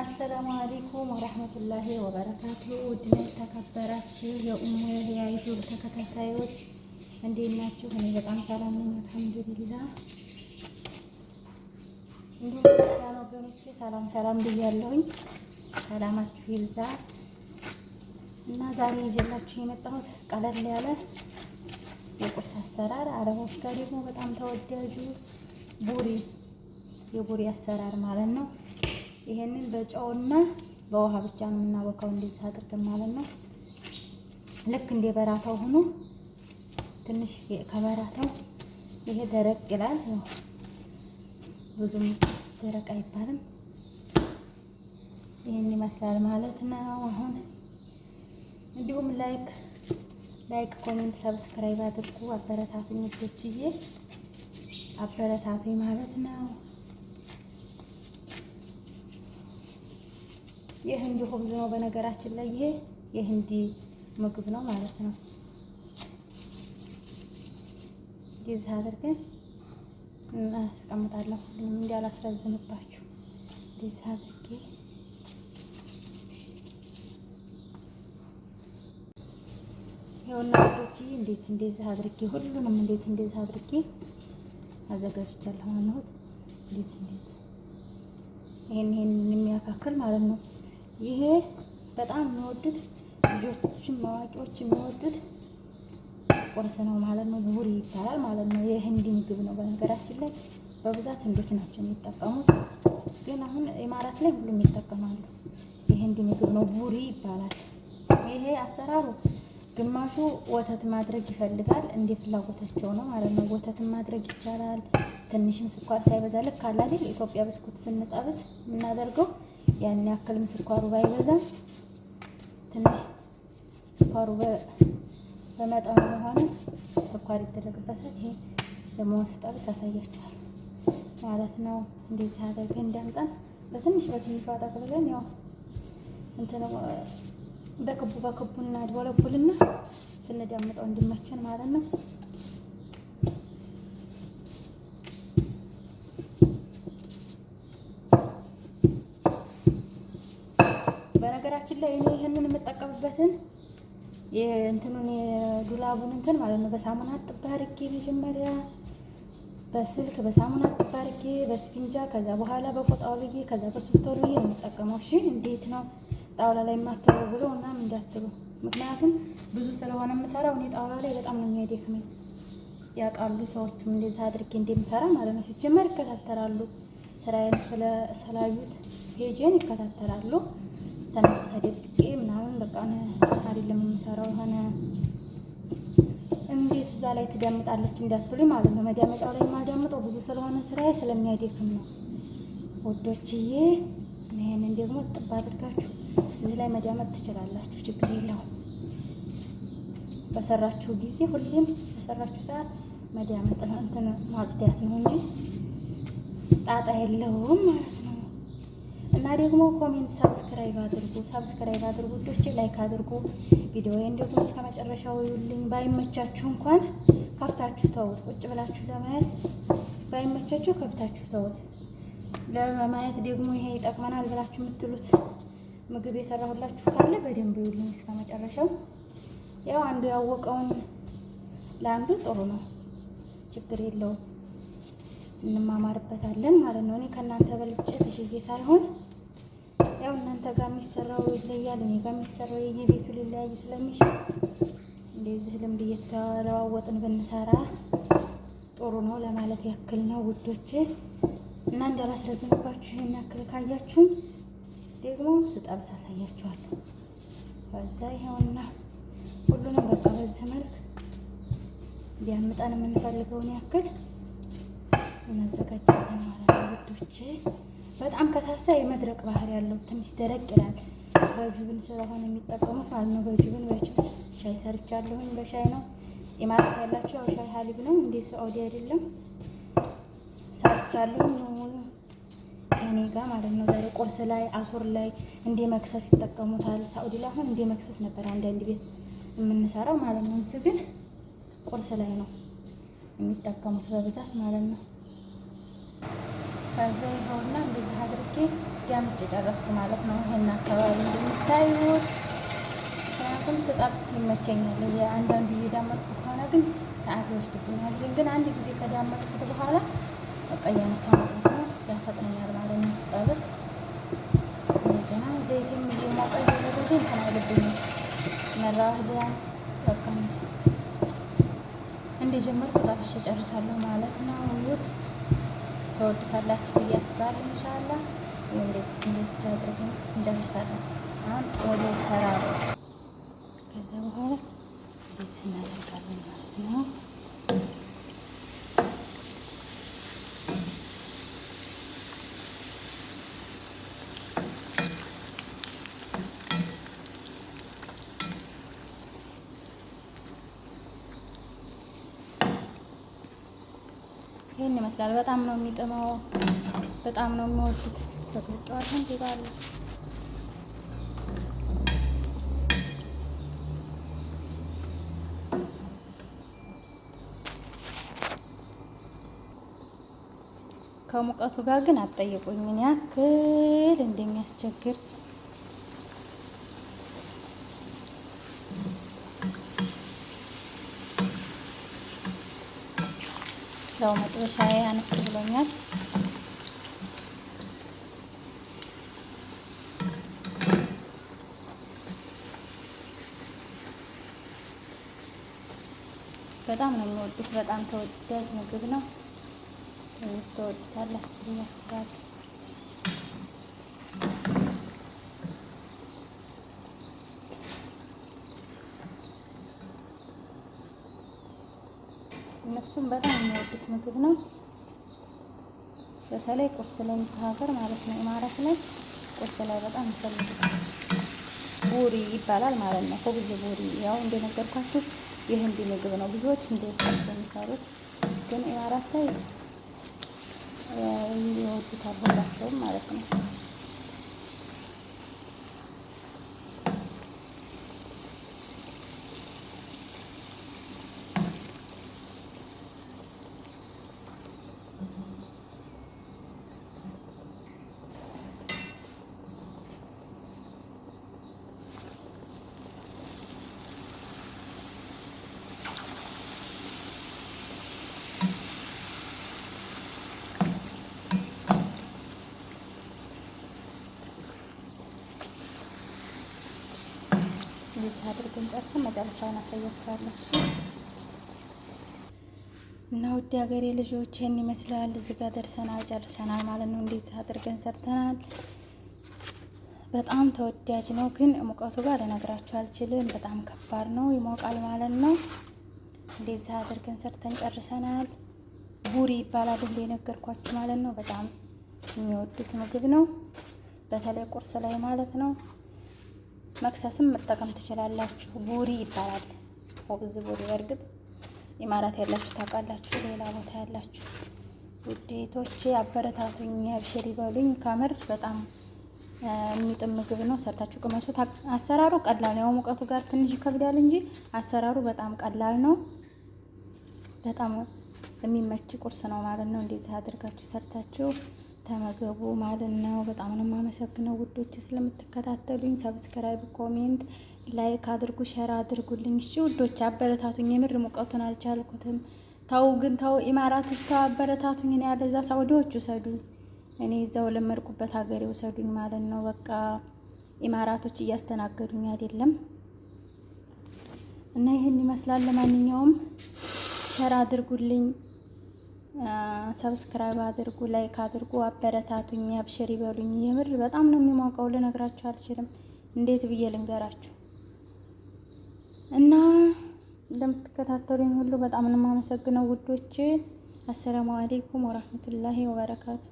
አሰላሙ አለይኩም ወረህመቱላሂ ወበረካቱ። ውድና የተከበራችሁ የኡሙ ሊያ ተከታታዮች እንዴት ናችሁ? እኔ በጣም ሰላም ነኝ፣ አልሐምዱሊላህ። እንዲሁም ክርስቲያን ወገኖቼ ሰላም ሰላም ብያለሁኝ። ሰላማችሁ ይብዛ እና ዛሬ ይዤላችሁ የመጣሁት ቀለል ያለ የቁርስ አሰራር አረቦች ጋር ደግሞ በጣም ተወዳጁ ቡሪ የቡሪ አሰራር ማለት ነው ይሄንን በጨውና በውሃ ብቻ ነው የምናቦካው እንደዚህ አድርገን ማለት ነው። ልክ እንደ በራታው ሆኖ ትንሽ ከበራታው ይሄ ደረቅ ይላል። ብዙም ደረቅ አይባልም። ይሄን ይመስላል ማለት ነው። አሁን እንዲሁም ላይክ ላይክ፣ ኮሜንት፣ ሰብስክራይብ አድርጉ። አበረታቱኝ እጆችዬ፣ አበረታቱኝ ማለት ነው። የህንድ ሆምዝ ነው። በነገራችን ላይ ይሄ የህንዲ ምግብ ነው ማለት ነው። የዚህ አድርገን አስቀምጣለሁ። ሁሉም አላስረዝምባችሁ። የዚህ አድርጌ ይኸውና ወዶች እንዴት እንደዚህ አድርጌ ሁሉንም እንዴት እንደዚህ አድርጌ አዘጋጅቻለሁ። ማለት እንዴት እንደዚህ ይሄን ይሄን የሚያካክል ማለት ነው። ይሄ በጣም የሚወዱት ልጆችም አዋቂዎች የሚወዱት ቁርስ ነው ማለት ነው። ቡሪ ይባላል ማለት ነው። የህንድ ምግብ ነው። በነገራችን ላይ በብዛት ህንዶች ናቸው የሚጠቀሙት፣ ግን አሁን ኢማራት ላይ ሁሉም ይጠቀማሉ። የህንድ ምግብ ነው፣ ቡሪ ይባላል። ይሄ አሰራሩ ግማሹ ወተት ማድረግ ይፈልጋል፣ እንደ ፍላጎታቸው ነው ማለት ነው። ወተትን ማድረግ ይቻላል፣ ትንሽም ስኳር ሳይበዛ ልክ አላል ኢትዮጵያ ብስኩት ስንጠብስ የምናደርገው ያን ያክልም ስኳሩ ባይበዛም ትንሽ ስኳሩ በመጠኑ ከሆነ ስኳር ይደረግበታል። ይሄ ደግሞ ታሳያችኋል ማለት ነው። እንደዚህ አድርገን እንዳምጠን በትንሽ በትንሽ አጠቅልለን ያው እንትን በክቡ በክቡ እናድበለቡልና ስንዳምጠው እንዲመቸን ማለት ነው። በነገራችን ላይ እኔ ይህንን የምጠቀምበትን የእንትኑን የዱላቡን እንትን ማለት ነው። በሳሙና አጥባርጌ መጀመሪያ በስልክ በሳሙና አጥባርጌ አድርጌ በስፊንጃ ከዛ በኋላ በቆጣው ብዬ ከዛ በስብቶ ብዬ ነው የምጠቀመው። እሺ እንዴት ነው ጣውላ ላይ የማትለው ብሎ እናም እንዳትሉ። ምክንያቱም ብዙ ስለሆነ የምሰራው እኔ ጣውላ ላይ በጣም ነው የሚያደክመኝ። ያውቃሉ ሰዎቹም እንደዛ አድርጌ እንደምሰራ ማለት ነው። ሲጀመር ይከታተላሉ ስራዬን ስላዩት ፔጅን ይከታተላሉ። ተነሱ ተደብቄ ምናምን በቃ አይደለም የምሰራው የሆነ እንዴት እዛ ላይ ትዳምጣለች እንዳትሉኝ ማለት ነው። መዳመጫው ላይ የማዳምጠው ብዙ ስለሆነ ስራዬ ስለሚያደክም ነው ወዶችዬ ይህንን ደግሞ ጥብ አድርጋችሁ እዚህ ላይ መዳመጥ ትችላላችሁ፣ ችግር የለውም። በሰራችሁ ጊዜ ሁሌም በሰራችሁ ሰዓት መዳመጥ ነው እንትን ማጽዳት ነው እንጂ ጣጣ የለውም ማለት ነው። እና ደግሞ ኮሜንት፣ ሰብስክራይብ አድርጉ ሰብስክራይብ አድርጉ ውዶች፣ ላይክ አድርጉ። ቪዲዮ ደግሞ እስከ መጨረሻው ይዩልኝ። ባይመቻችሁ እንኳን ከፍታችሁ ተውት። ቁጭ ብላችሁ ለማየት ባይመቻችሁ ከፍታችሁ ተውት። ለማየት ደግሞ ይሄ ይጠቅመናል ብላችሁ የምትሉት ምግብ የሰራሁላችሁ ካለ በደንብ ይዩልኝ እስከ መጨረሻው። ያው አንዱ ያወቀውን ለአንዱ ጥሩ ነው፣ ችግር የለውም። እንማማርበታለን ማለት ነው። እኔ ከእናንተ በልጬ ተሽዬ ሳይሆን ያው እናንተ ጋር የሚሰራው ይለያል፣ እኔ ጋር የሚሰራው የቤቱ ሊለያይ ስለሚችል እንደዚህ ልምድ እየተለዋወጥን ብንሰራ ጥሩ ነው ለማለት ያክል ነው ውዶቼ። እና እንዳላስረዝምባችሁ ይሄን ያክል ካያችሁኝ ደግሞ ስጠብስ አሳያችኋለሁ። በዛ ይኸውና ሁሉንም በቃ በዚህ መልክ እንዲያምጣን የምንፈልገውን ያክል እናዘጋጃለን ማለት ነው ውዶቼ። በጣም ከሳሳ የመድረቅ ባህሪ ያለው ትንሽ ደረቅ ይላል። በጅብን ስለሆነ የሚጠቀሙት ማለት ነው። በጅብን በጅብ ሻይ ሰርቻለሁኝ። በሻይ ነው ኢማራት ያላቸው ያው ሻይ ሀሊብ ነው እንደ ሳዑዲ አይደለም። ሰርቻለሁኝ ሙሉ ከኔ ጋር ማለት ነው። ዛሬ ቁርስ ላይ አሱር ላይ እንደ መክሰስ ይጠቀሙታል። ሳዑዲ ላይ አሁን እንደ መክሰስ ነበር አንዳንድ ቤት የምንሰራው ማለት ነው። እዚህ ግን ቁርስ ላይ ነው የሚጠቀሙት በብዛት ማለት ነው። ከዛ ይኸውና እንደዚህ አድርጌ ዳምጭ ጨረስኩ ማለት ነው። ይሄን አካባቢ እንደምታዩት ምክንያቱም ስጠብስ ይመቸኛል። አንዳንዱ እየዳመጥኩ ከሆነ ግን ሰዓት ይወስድብኛል። ግን ግን አንድ ጊዜ ከዳመጥኩት በኋላ በቃ እያነሳሁ ማለት ነው ያፈጥነኛል ማለት ነው። ስጠብስ ዜና ዘይትም እየሞቀ እየሄደ እንትን አይልብኝም መራህዳን በቃ እንደጀመርኩ ጠብሼ ጨርሳለሁ ማለት ነው። ውት ተወዱታላችሁ ብዬ አስባለሁ። ኢንሻአላህ እንጨርሳለን። አሁን ወደ ሰራ ይህን ይመስላል። በጣም ነው የሚጥመው፣ በጣም ነው የሚወዱት። በቅዝቀዋለን ይባሉ ከሙቀቱ ጋር ግን አትጠይቁኝ ምን ያክል እንደሚያስቸግር ያው መጥበሻ አነስ ብሎኛል። በጣም ነው የሚወዱት። በጣም ተወዳጅ ምግብ ነው። ተወዱታላችሁ ያስባል እሱም በጣም የሚወዱት ምግብ ነው። በተለይ ቁርስ ላይ ሀገር ማለት ነው። ኢማራት ላይ ቁርስ ላይ በጣም ይፈልጉታል። ቡሪ ይባላል ማለት ነው። ከብዙ ቡሪ ያው እንደነገርኳችሁ የህንድ ምግብ ነው። ብዙዎች እንደወታቸው የሚሰሩት ግን ኢማራት ላይ ይወዱታል ሁላቸውም ማለት ነው። እንደዚህ አድርገን ጨርሰን መጨረሻውን አሳያችኋለሁ። እና ውድ ሀገሬ ልጆች ይህን ይመስላል። እዚህ ጋር ደርሰናል፣ ጨርሰናል ማለት ነው። እንዴት አድርገን ሰርተናል። በጣም ተወዳጅ ነው፣ ግን ሙቀቱ ጋር ልነግራችሁ አልችልም። በጣም ከባድ ነው፣ ይሞቃል ማለት ነው። እንደዚህ አድርገን ሰርተን ጨርሰናል። ቡሪ ይባላል እንደ የነገርኳችሁ ማለት ነው። በጣም የሚወዱት ምግብ ነው፣ በተለይ ቁርስ ላይ ማለት ነው። መክሰስም መጠቀም ትችላላችሁ። ቡሪ ይባላል ኦብዝ ቡሪ። በእርግጥ ኢማራት ያላችሁ ታውቃላችሁ፣ ሌላ ቦታ ያላችሁ ውዴቶቼ አበረታቱኝ፣ አብሽር ይበሉኝ። ከምር በጣም የሚጥም ምግብ ነው። ሰርታችሁ ቅመሱት። አሰራሩ ቀላል ነው። ሙቀቱ ጋር ትንሽ ይከብዳል እንጂ አሰራሩ በጣም ቀላል ነው። በጣም የሚመች ቁርስ ነው ማለት ነው። እንደዚህ አድርጋችሁ ሰርታችሁ ተመገቡ ማለት ነው። በጣም ነው የማመሰግነው ውዶች ስለምትከታተሉኝ። ሰብስክራይብ፣ ኮሜንት፣ ላይክ አድርጉ፣ ሸራ አድርጉልኝ። እሺ ውዶች አበረታቱኝ። የምር ሙቀቱን አልቻልኩትም። ታው ግን ታው ኢማራት ታው አበረታቱኝ። እኔ ያለዛ ሳውዲዎች ውሰዱኝ፣ እኔ እዛው ለመድኩበት ሀገር ውሰዱኝ ማለት ነው። በቃ ኢማራቶች እያስተናገዱኝ አይደለም እና ይህን ይመስላል። ለማንኛውም ሸራ አድርጉልኝ። ሰብስክራይብ አድርጉ፣ ላይክ አድርጉ፣ አበረታቱኝ፣ አብሽር ይበሉኝ። የምር በጣም ነው የሚሞቀው፣ ልነግራችሁ አልችልም። እንዴት ብዬ ልንገራችሁ? እና እንደምትከታተሉኝ ሁሉ በጣም ነው የማመሰግነው ውዶቼ። አሰላሙ አሌይኩም ወራህመቱላሂ ወበረካቱ።